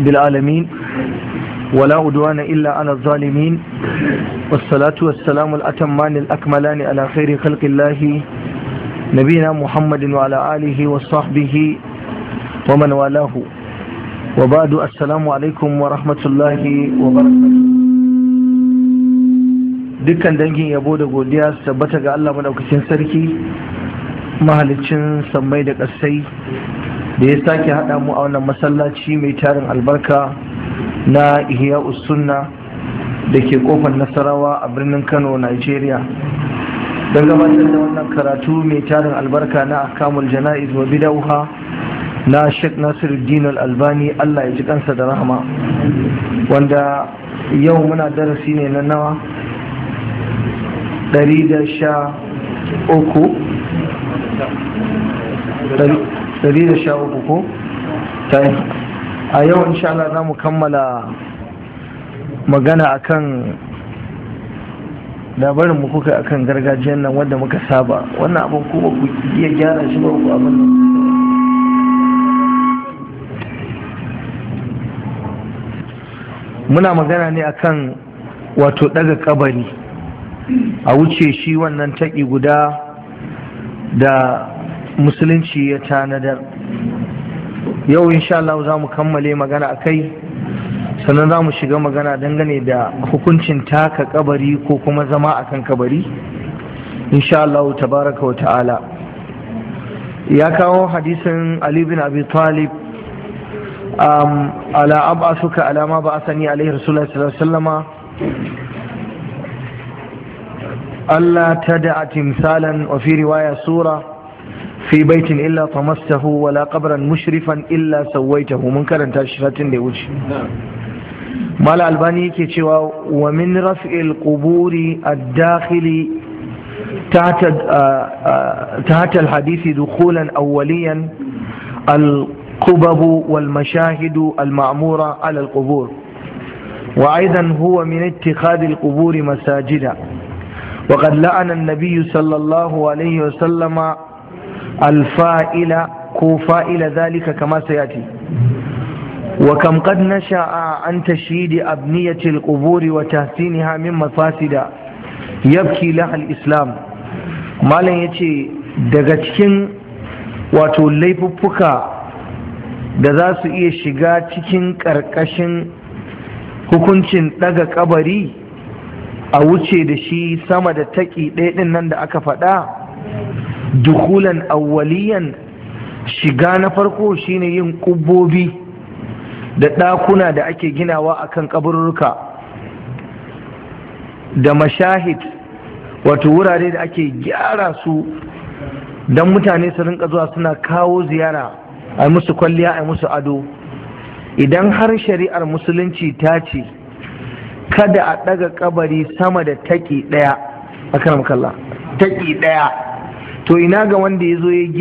رب العالمين ولا عدوان إلا على الظالمين والصلاة والسلام الأتمان الأكملان على خير خلق الله نبينا محمد وعلى آله وصحبه ومن والاه وبعد السلام عليكم ورحمة الله وبركاته dukkan dangin yabo da godiya su tabbata ga Allah madaukakin sarki mahalicin sammai da ƙasai da ya sake haɗa mu a wannan masallaci mai tarin albarka na ihya sunna da ke kofar nasarawa a birnin kano nigeria don gabatar da wannan karatu mai tarin albarka na akamul jana'iz wa bidauha na sheikh nasiru dinar albani allah ya ji kansa da rahama wanda yau muna darasi ne na nawa a yau insha Allah za mu kammala magana akan labarin mu kuka akan gargajiyar nan wanda muka saba wannan abin kuma ku iya gyara shi ba ku abin nan muna magana ne akan wato daga kabari a wuce shi wannan taƙi guda da musulunci ya tanadar yau insha Allah za mu kammale magana a kai sannan za mu shiga magana dangane da hukuncin taka kabari ko kuma zama a kan kabari insha Allah tabaraka wa ta'ala ya kawo hadisin Ali bin Abi Talib um, ala ala suka alama ba asani alaihi rasulullah sallallahu alaihi sallama. Allah a timsalan wa fi riwaya sura في بيت إلا طمسته ولا قبرا مشرفا إلا سويته كرن تاشفات لوجه نعم. مال الباني كيتشوا ومن رفع القبور الداخلي آه، آه، تحت الحديث دخولا أوليا القبب والمشاهد المعمورة على القبور وأيضا هو من اتخاذ القبور مساجدا وقد لعن النبي صلى الله عليه وسلم alfa'ila ko fa'ila zalika kama sayati wa kam na nasha'a an shidi abniyati alquburi wa tahsiniha min mafasida yabki lahal islam malam yace daga cikin wato laifuffuka da za su iya shiga cikin ƙarƙashin hukuncin ɗaga kabari a wuce da shi sama da taƙi ɗaya ɗin nan da aka faɗa dukulan awwaliyan shiga na farko shine yin ƙubbobi da ɗakuna da ake ginawa akan kaburruka da mashahid wato wurare da ake gyara su don mutane su rinka zuwa suna kawo ziyara a musu kwalliya a musu ado idan har shari'ar musulunci ta ce kada a ɗaga kabari sama da taki ɗaya a kan taki taƙi ɗaya to ina ga wanda ya zo ya gina